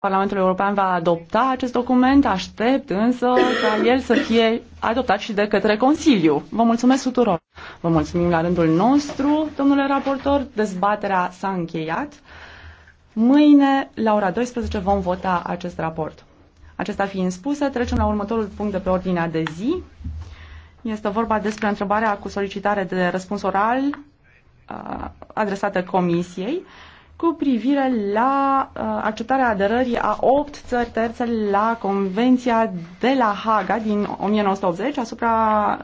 Parlamentul European va adopta acest document, aștept însă ca el să fie adoptat și de către Consiliu. Vă mulțumesc tuturor! Vă mulțumim la rândul nostru, domnule raportor, dezbaterea s-a încheiat. Mâine, la ora 12, vom vota acest raport. Acesta fiind spuse, trecem la următorul punct de pe ordinea de zi. Este vorba despre întrebarea cu solicitare de răspuns oral uh, adresată Comisiei cu privire la uh, acceptarea aderării a opt țări terțe la Convenția de la Haga din 1980 asupra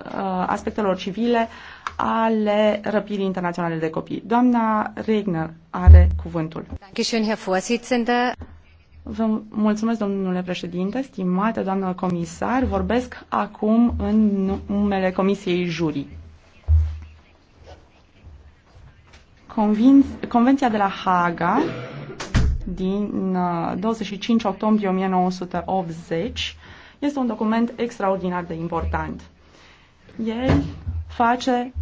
uh, aspectelor civile ale răpirii internaționale de copii. Doamna Regner are cuvântul. Vă mulțumesc, domnule președinte, stimată doamnă comisar. Vorbesc acum în numele Comisiei Jurii. Convenția de la Haga din 25 uh, octombrie 1980 este un document extraordinar de important. El face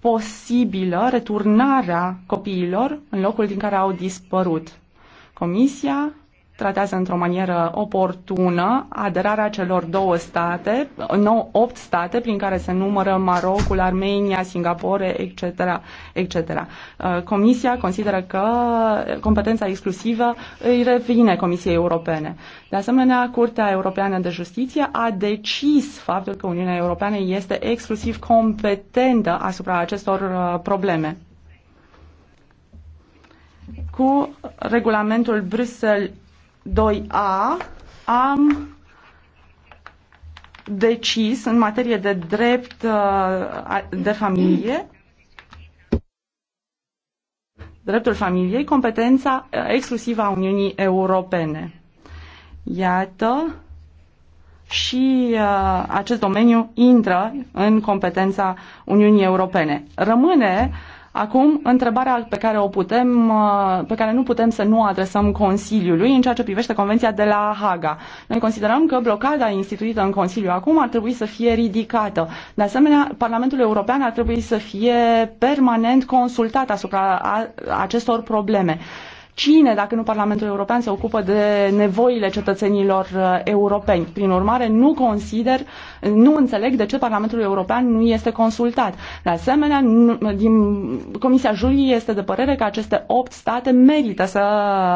posibilă returnarea copiilor în locul din care au dispărut. Comisia tratează într-o manieră oportună aderarea celor două state, nou, opt state, prin care se numără Marocul, Armenia, Singapore, etc., etc. Uh, Comisia consideră că competența exclusivă îi revine Comisiei Europene. De asemenea, Curtea Europeană de Justiție a decis faptul că Uniunea Europeană este exclusiv competentă asupra acestor uh, probleme cu regulamentul Bruxelles 2A am decis în materie de drept uh, de familie dreptul familiei, competența uh, exclusivă a Uniunii Europene. Iată, și uh, acest domeniu intră în competența Uniunii Europene. Rămâne uh, Acum, întrebarea pe care, o putem, uh, pe care nu putem să nu o adresăm Consiliului în ceea ce privește Convenția de la Haga. Noi considerăm că blocada instituită în Consiliu acum ar trebui să fie ridicată. De asemenea, Parlamentul European ar trebui să fie permanent consultat asupra acestor probleme. Cine, dacă nu Parlamentul European, se ocupă de nevoile cetățenilor uh, europeni? Prin urmare, nu consider, nu înțeleg de ce Parlamentul European nu este consultat. De asemenea, din Comisia Jurii este de părere că aceste opt state merită să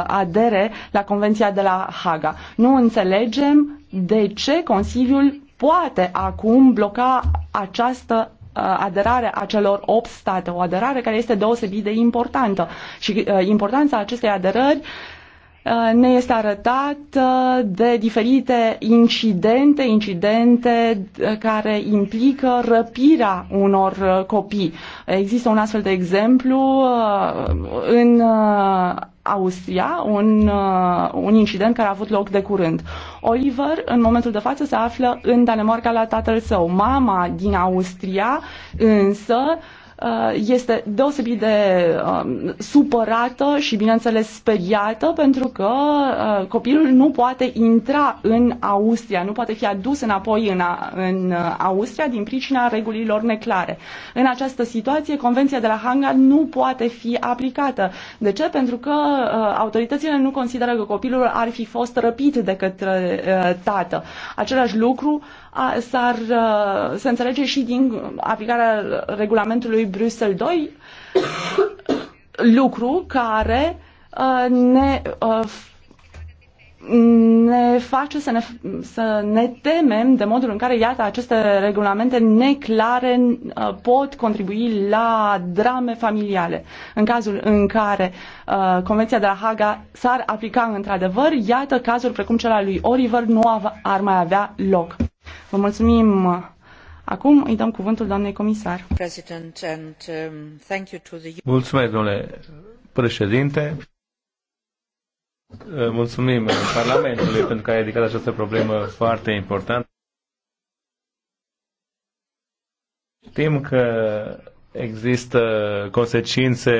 adere la Convenția de la Haga. Nu înțelegem de ce Consiliul poate acum bloca această Uh, aderare a celor 8 state, o aderare care este deosebit de importantă și uh, importanța acestei aderări uh, ne este arătat de diferite incidente, incidente care implică răpirea unor copii. Există un astfel de exemplu în Austria un, uh, un incident care a avut loc de curând. Oliver, în momentul de față, se află în Danemarca la tatăl său. Mama din Austria, însă, uh, Uh, este deosebit de um, supărată și, bineînțeles, speriată pentru că uh, copilul nu poate intra în Austria, nu poate fi adus înapoi în, în uh, Austria din pricina regulilor neclare. În această situație, Convenția de la Hanga nu poate fi aplicată. De ce? Pentru că autoritățile nu consideră că copilul ar fi fost răpit de către tată. Același lucru s-ar, se înțelege și din aplicarea regulamentului Bruxelles 2, lucru care uh, ne, uh, ne face să ne, să ne temem de modul în care, iată, aceste regulamente neclare uh, pot contribui la drame familiale. În cazul în care Convenția de la Haga s-ar aplica într-adevăr, iată, cazuri precum cel al lui Oliver nu ar mai avea loc. Vă mulțumim! Acum îi dăm cuvântul doamnei comisar. Um, Mulțumesc, domnule președinte. Uh, mulțumim Parlamentului pentru că a ridicat această problemă foarte importantă. Știm că există consecințe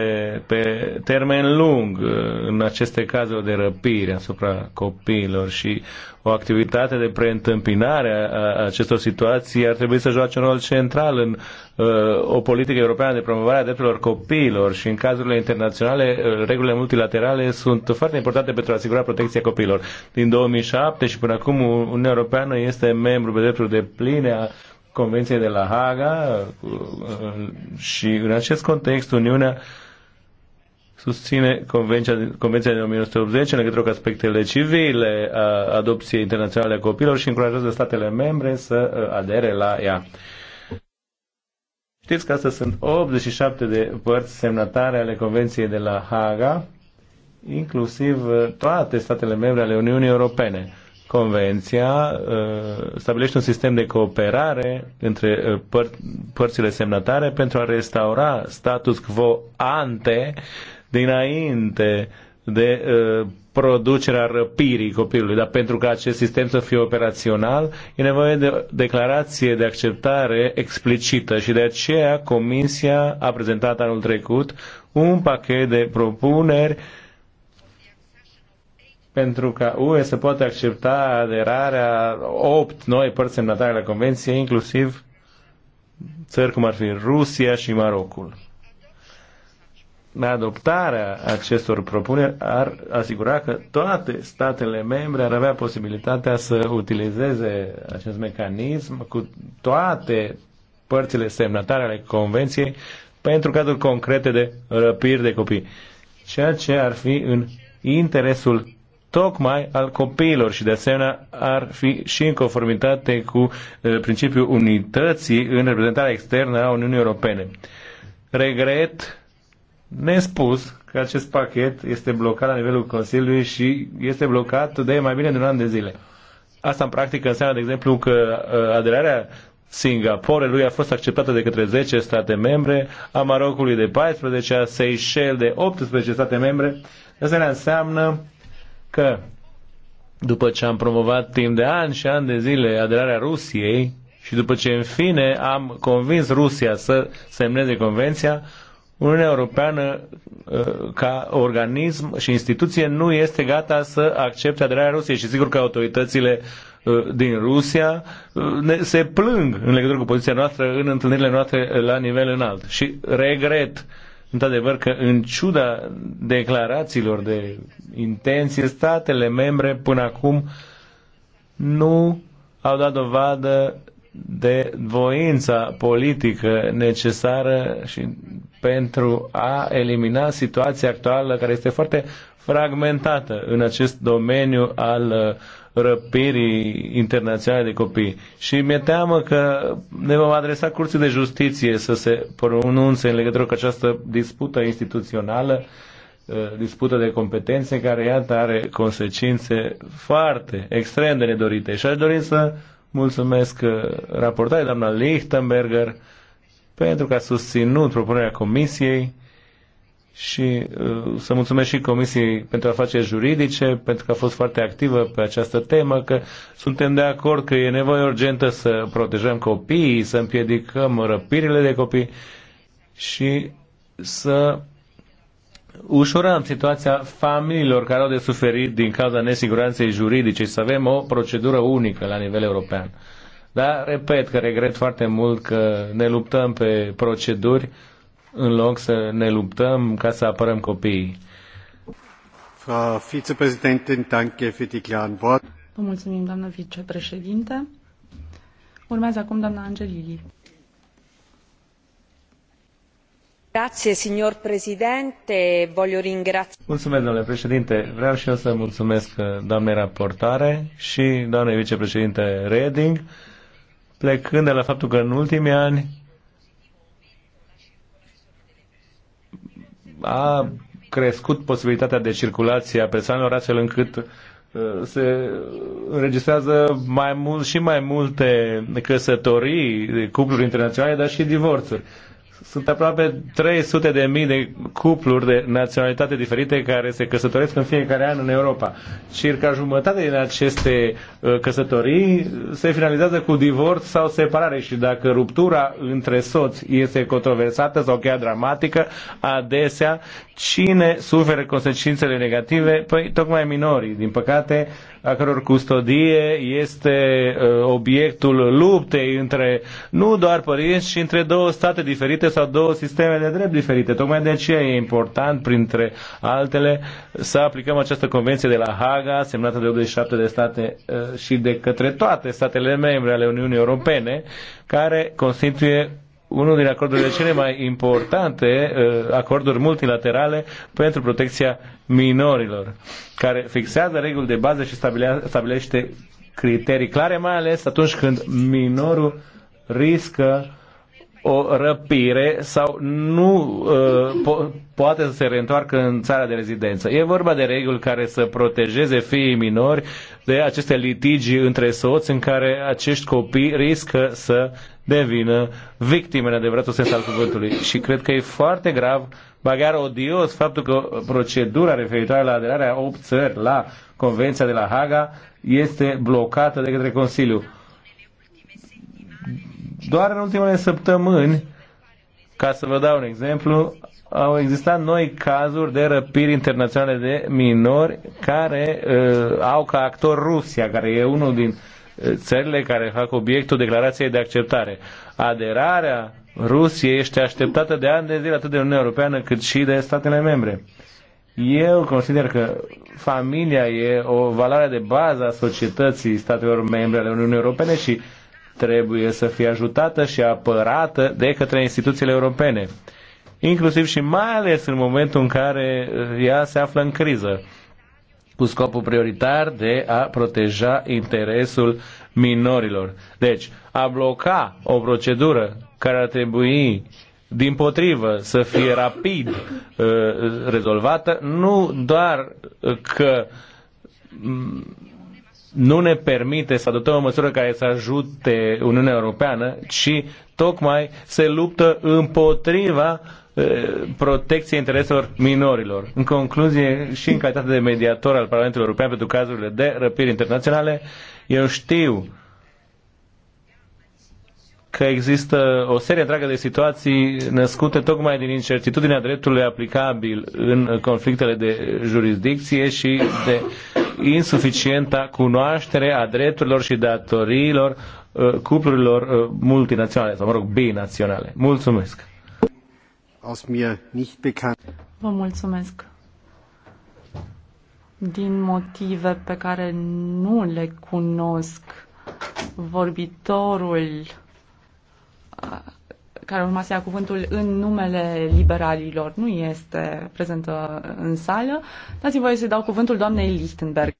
pe termen lung în aceste cazuri de răpire asupra copiilor și o activitate de preîntâmpinare a acestor situații ar trebui să joace un rol central în uh, o politică europeană de promovare a drepturilor copiilor și în cazurile internaționale uh, regulile multilaterale sunt foarte importante pentru a asigura protecția copiilor. Din 2007 și până acum Uniunea Europeană este membru pe drepturi de pline a Convenția de la Haga și în acest context Uniunea susține Convenția, Convenția de 1980 în legătură cu aspectele civile adopției internaționale a copilor și încurajează statele membre să adere la ea. Știți că astăzi sunt 87 de părți semnatare ale Convenției de la Haga, inclusiv toate statele membre ale Uniunii Europene. Convenția uh, stabilește un sistem de cooperare între uh, păr- părțile semnătare pentru a restaura status quo ante dinainte de uh, producerea răpirii copilului, dar pentru ca acest sistem să fie operațional e nevoie de o declarație de acceptare explicită și de aceea Comisia a prezentat anul trecut un pachet de propuneri pentru ca UE să poată accepta aderarea opt noi părți semnatare la Convenție, inclusiv țări cum ar fi Rusia și Marocul. Adoptarea acestor propuneri ar asigura că toate statele membre ar avea posibilitatea să utilizeze acest mecanism cu toate părțile semnatare ale Convenției pentru cazuri concrete de răpiri de copii, ceea ce ar fi în interesul tocmai al copiilor și de asemenea ar fi și în conformitate cu uh, principiul unității în reprezentarea externă a Uniunii Europene. Regret nespus că acest pachet este blocat la nivelul Consiliului și este blocat de mai bine de un an de zile. Asta în practică înseamnă, de exemplu, că uh, aderarea Singaporelui a fost acceptată de către 10 state membre, a Marocului de 14, a Seychelles de 18 state membre. Asta înseamnă că după ce am promovat timp de ani și ani de zile aderarea Rusiei și după ce în fine am convins Rusia să semneze convenția, Uniunea Europeană ă, ca organism și instituție nu este gata să accepte aderarea Rusiei și sigur că autoritățile ă, din Rusia ă, se plâng în legătură cu poziția noastră în întâlnirile noastre la nivel înalt și regret într-adevăr că în ciuda declarațiilor de intenție, statele membre până acum nu au dat dovadă de voința politică necesară și pentru a elimina situația actuală care este foarte fragmentată în acest domeniu al uh, răpirii internaționale de copii. Și mi-e teamă că ne vom adresa Curții de Justiție să se pronunțe în legătură cu această dispută instituțională, uh, dispută de competențe care, iată, are consecințe foarte, extrem de nedorite. Și aș dori să mulțumesc uh, raportarea doamna Lichtenberger pentru că a susținut propunerea Comisiei și uh, să mulțumesc și Comisiei pentru Afaceri Juridice, pentru că a fost foarte activă pe această temă, că suntem de acord că e nevoie urgentă să protejăm copiii, să împiedicăm răpirile de copii și să ușurăm situația familiilor care au de suferit din cauza nesiguranței juridice și să avem o procedură unică la nivel european. Dar, repet, că regret foarte mult că ne luptăm pe proceduri în loc să ne luptăm ca să apărăm copiii. Vă mulțumim, doamnă vicepreședinte. Urmează acum doamna Angelili. Grazie, signor Presidente, voglio ringrazia... Mulțumesc, domnule președinte. Vreau și eu să mulțumesc uh, doamnei raportare și doamnei vicepreședinte Reding, plecând de la faptul că în ultimii ani a crescut posibilitatea de circulație a persoanelor astfel încât uh, se înregistrează mai mult și mai multe căsătorii, cupluri internaționale, dar și divorțuri sunt aproape 300 de mii de cupluri de naționalitate diferite care se căsătoresc în fiecare an în Europa. Circa jumătate din aceste uh, căsătorii se finalizează cu divorț sau separare și dacă ruptura între soți este controversată sau chiar dramatică, adesea cine suferă consecințele negative? Păi tocmai minorii. Din păcate, a căror custodie este uh, obiectul luptei între nu doar părinți, ci între două state diferite sau două sisteme de drept diferite. Tocmai de aceea e important, printre altele, să aplicăm această convenție de la Haga, semnată de 87 de state uh, și de către toate statele membre ale Uniunii Europene, care constituie unul din acordurile cele mai importante, uh, acorduri multilaterale pentru protecția minorilor, care fixează reguli de bază și stabilește criterii clare, mai ales atunci când minorul riscă o răpire sau nu uh, po- poate să se reîntoarcă în țara de rezidență. E vorba de reguli care să protejeze fiii minori de aceste litigi între soți în care acești copii riscă să devină victime în adevăratul sens al cuvântului. Și cred că e foarte grav, bagar odios, faptul că procedura referitoare la aderarea 8 țări la Convenția de la Haga este blocată de către Consiliu. Doar în ultimele săptămâni, ca să vă dau un exemplu, au existat noi cazuri de răpiri internaționale de minori care uh, au ca actor Rusia, care e unul din țările care fac obiectul declarației de acceptare. Aderarea Rusiei este așteptată de ani de zile atât de Uniunea Europeană cât și de statele membre. Eu consider că familia e o valoare de bază a societății statelor membre ale Uniunii Europene și trebuie să fie ajutată și apărată de către instituțiile europene, inclusiv și mai ales în momentul în care ea se află în criză cu scopul prioritar de a proteja interesul minorilor. Deci, a bloca o procedură care ar trebui din potrivă să fie rapid uh, rezolvată, nu doar că nu ne permite să adoptăm o măsură care să ajute Uniunea Europeană, ci tocmai se luptă împotriva protecției intereselor minorilor. În concluzie, și în calitate de mediator al Parlamentului European pentru cazurile de răpiri internaționale, eu știu că există o serie întreagă de situații născute tocmai din incertitudinea dreptului aplicabil în conflictele de jurisdicție și de uh, insuficienta cunoaștere a drepturilor și datoriilor uh, cuplurilor uh, multinaționale, sau mă rog, binaționale. Mulțumesc! Aus mir nicht bekannt. Vă mulțumesc! Din motive pe care nu le cunosc, vorbitorul uh, care urma să ia cuvântul în numele liberalilor, nu este prezentă în sală. Dați-mi voie să dau cuvântul doamnei Lichtenberg.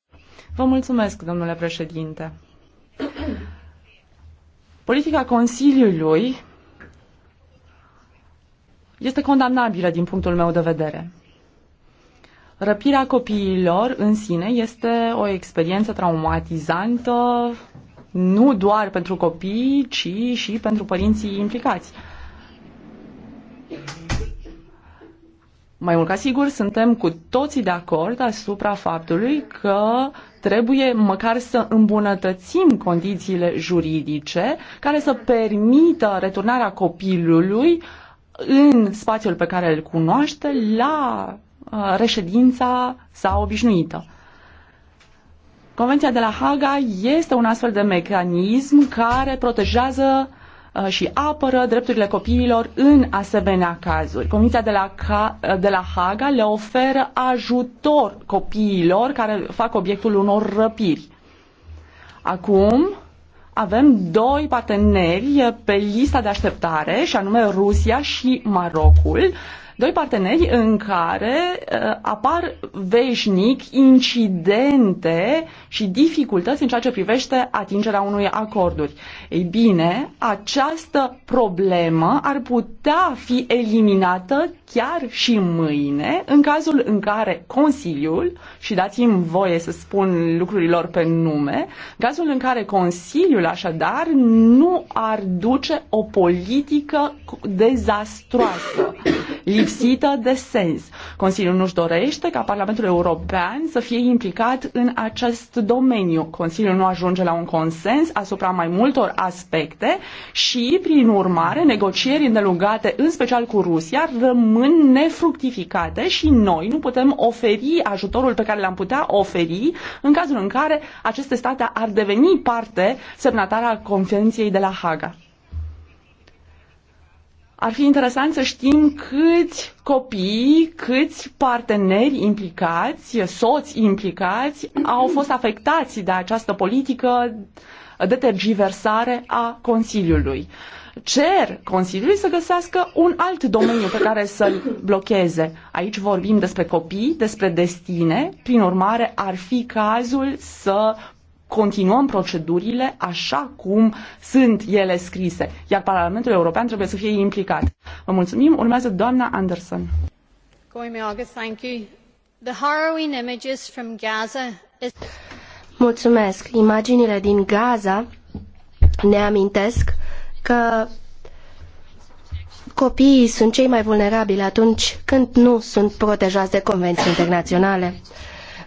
Vă mulțumesc, domnule președinte. Politica Consiliului este condamnabilă din punctul meu de vedere. Răpirea copiilor în sine este o experiență traumatizantă nu doar pentru copii, ci și pentru părinții implicați. Mai mult ca sigur, suntem cu toții de acord asupra faptului că trebuie măcar să îmbunătățim condițiile juridice care să permită returnarea copilului în spațiul pe care îl cunoaște la uh, reședința sa obișnuită. Convenția de la Haga este un astfel de mecanism care protejează uh, Uh, și apără drepturile copiilor în asemenea cazuri. Comisia de la, uh, de la Haga le oferă ajutor copiilor care fac obiectul unor răpiri. Acum avem doi parteneri pe lista de așteptare, și anume Rusia și Marocul, Doi parteneri în care uh, apar veșnic incidente și dificultăți în ceea ce privește atingerea unui acorduri. Ei bine, această problemă ar putea fi eliminată chiar și mâine, în cazul în care Consiliul, și dați-mi voie să spun lucrurilor pe nume, în cazul în care Consiliul așadar nu ar duce o politică dezastroasă lipsită de sens. Consiliul nu-și dorește ca Parlamentul European să fie implicat în acest domeniu. Consiliul nu ajunge la un consens asupra mai multor aspecte și, prin urmare, negocieri îndelungate, în special cu Rusia, rămân nefructificate și noi nu putem oferi ajutorul pe care l-am putea oferi în cazul în care aceste state ar deveni parte semnatară a Convenției de la Haga. Ar fi interesant să știm câți copii, câți parteneri implicați, soți implicați au fost afectați de această politică de tergiversare a Consiliului. Cer Consiliului să găsească un alt domeniu pe care să-l blocheze. Aici vorbim despre copii, despre destine, prin urmare ar fi cazul să continuăm procedurile așa cum sunt ele scrise, iar Parlamentul European trebuie să fie implicat. Vă mulțumim. Urmează doamna Anderson. Mulțumesc. Imaginile din Gaza ne amintesc că copiii sunt cei mai vulnerabili atunci când nu sunt protejați de convenții internaționale.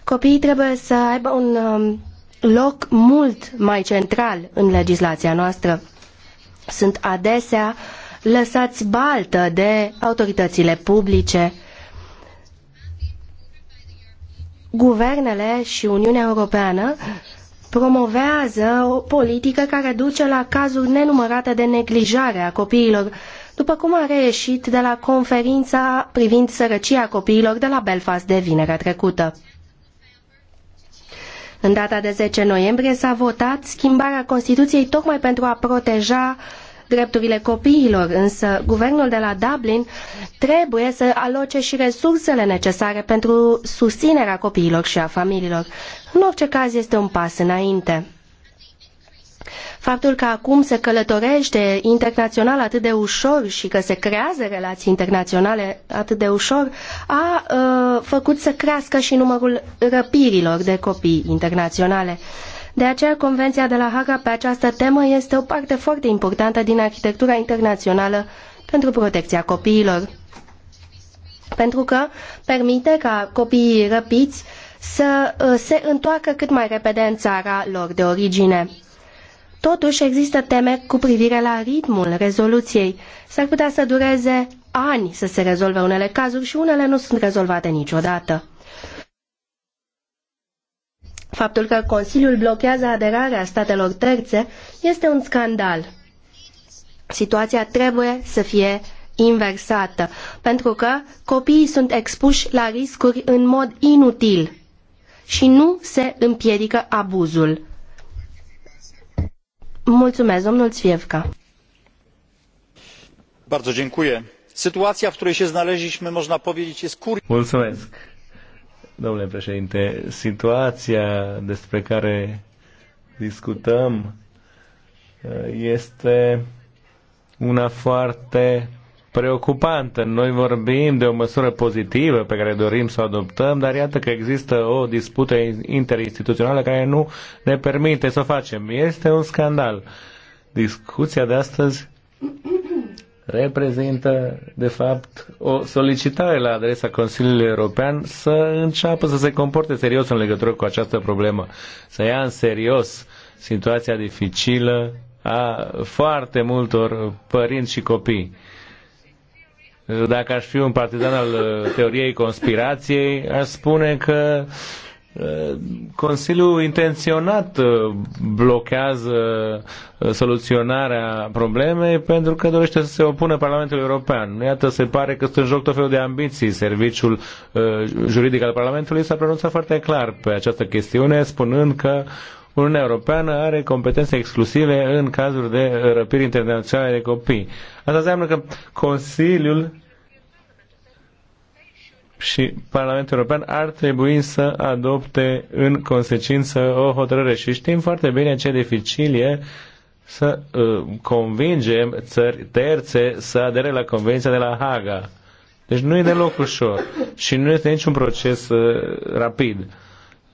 Copiii trebuie să aibă un um, loc mult mai central în legislația noastră. Sunt adesea lăsați baltă de autoritățile publice. Guvernele și Uniunea Europeană promovează o politică care duce la cazuri nenumărate de neglijare a copiilor, după cum a reieșit de la conferința privind sărăcia copiilor de la Belfast de vinerea trecută. În data de 10 noiembrie s-a votat schimbarea Constituției tocmai pentru a proteja drepturile copiilor, însă guvernul de la Dublin trebuie să aloce și resursele necesare pentru susținerea copiilor și a familiilor. În orice caz este un pas înainte. Faptul că acum se călătorește internațional atât de ușor și că se creează relații internaționale atât de ușor a uh, făcut să crească și numărul răpirilor de copii internaționale. De aceea, Convenția de la Haga pe această temă este o parte foarte importantă din arhitectura internațională pentru protecția copiilor. Pentru că permite ca copiii răpiți să ă, se întoarcă cât mai repede în țara lor de origine. Totuși există teme cu privire la ritmul rezoluției. S-ar putea să dureze ani să se rezolve unele cazuri și unele nu sunt rezolvate niciodată. Faptul că Consiliul blochează aderarea statelor terțe este un scandal. Situația trebuie să fie inversată, pentru că copiii sunt expuși la riscuri în mod inutil și nu se împiedică abuzul. Mulțumesc, domnul Țvievca. Sytuacja, w której się znaleźliśmy, można powiedzieć, jest kur... Mulțumesc. Domnule președinte, situația despre care discutăm este una foarte preocupantă. Noi vorbim de o măsură pozitivă pe care dorim să o adoptăm, dar iată că există o dispută interinstituțională care nu ne permite să o facem. Este un scandal. Discuția de astăzi reprezintă, de fapt, o solicitare la adresa Consiliului European să înceapă să se comporte serios în legătură cu această problemă, să ia în serios situația dificilă a foarte multor părinți și copii. Dacă aș fi un partizan al uh, teoriei conspirației, aș spune că uh, Consiliul intenționat uh, blochează soluționarea problemei pentru că dorește să se opună Parlamentului European. Iată, se pare că sunt în joc tot felul de ambiții. Serviciul juridic al Parlamentului s-a pronunțat foarte clar pe această chestiune, spunând că Uniunea Europeană are competențe exclusive în cazuri de răpiri internaționale de copii. Asta înseamnă că Consiliul și Parlamentul European ar trebui să adopte în consecință o hotărâre. Și știm foarte bine ce dificil e să uh, convingem țări terțe să adere la Convenția de la Haga. Deci nu e deloc ușor și nu este niciun proces uh, rapid.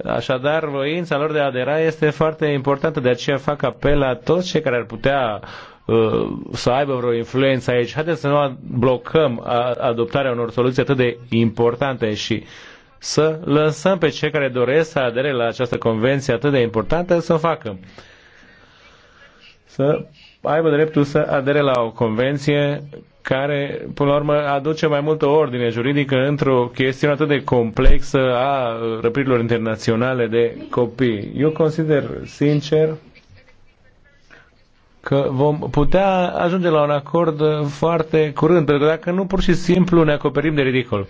Așadar, voința lor de a adera este foarte importantă, de aceea fac apel la toți cei care ar putea uh, să aibă vreo influență aici. Haideți să nu blocăm adoptarea unor soluții atât de importante și să lăsăm pe cei care doresc să adere la această convenție atât de importantă să o facă. Să aibă dreptul să adere la o convenție care, până la urmă, aduce mai multă ordine juridică într-o chestiune atât de complexă a răpirilor internaționale de copii. Eu consider, sincer, că vom putea ajunge la un acord foarte curând, pentru că dacă nu, pur și simplu ne acoperim de ridicol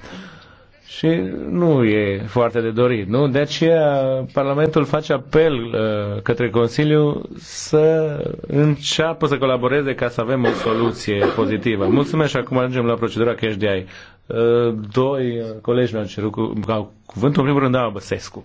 și nu e foarte de dorit, nu? De aceea Parlamentul face apel uh, către Consiliu să înceapă să colaboreze ca să avem o soluție pozitivă. Mulțumesc și acum ajungem la procedura cash de ai. Uh, doi colegi mi-au cerut cu, cuvântul, în primul rând, da, Băsescu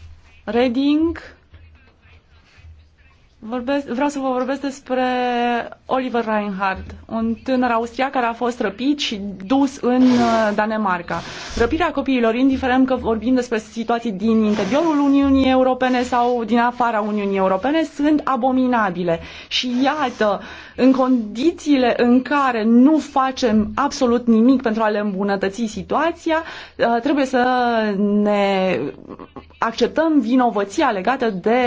Reading. Vorbesc, vreau să vă vorbesc despre Oliver Reinhardt, un tânăr austriac care a fost răpit și dus în uh, Danemarca. Răpirea copiilor, indiferent că vorbim despre situații din interiorul Uniunii Europene sau din afara Uniunii Europene, sunt abominabile. Și iată, în condițiile în care nu facem absolut nimic pentru a le îmbunătăți situația, uh, trebuie să ne acceptăm vinovăția legată de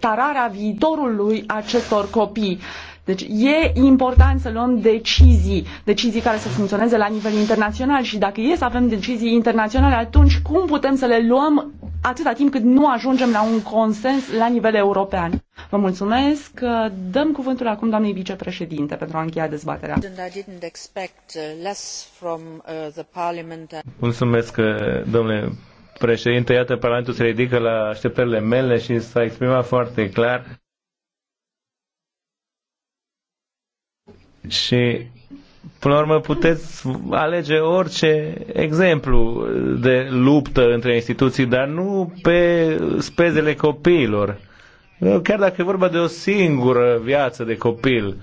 tararea viitorului acestor copii. Deci e important să luăm decizii, decizii care să funcționeze la nivel internațional și dacă e să avem decizii internaționale, atunci cum putem să le luăm atâta timp cât nu ajungem la un consens la nivel european. Vă mulțumesc. Dăm cuvântul acum doamnei vicepreședinte pentru a încheia dezbaterea. Uh, uh, mulțumesc, uh, domnule președinte. Iată, Parlamentul se ridică la așteptările mele și s-a exprimat foarte clar. Și Până la urmă puteți alege orice exemplu de luptă între instituții, dar nu pe spezele copiilor. Chiar dacă e vorba de o singură viață de copil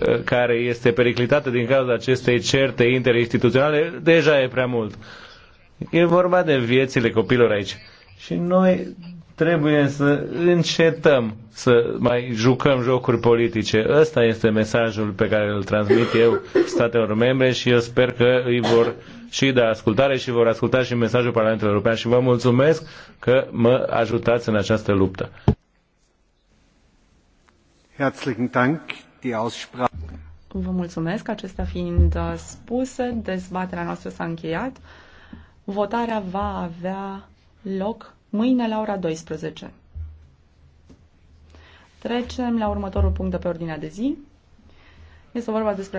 eh, care este periclitată din cauza acestei certe interinstituționale, deja e prea mult. E vorba de viețile copilor aici. Și noi trebuie să încetăm să mai jucăm jocuri politice. Ăsta este mesajul pe care îl transmit eu statelor membre și eu sper că îi vor și da ascultare și vor asculta și mesajul Parlamentului European și vă mulțumesc că mă ajutați în această luptă. Herzlichen Dank. Die Aussprache. Vă mulțumesc. Acestea fiind uh, spuse, dezbaterea noastră s-a încheiat. Votarea va avea loc mâine la ora 12. Trecem la următorul punct de pe ordinea de zi. Este vorba despre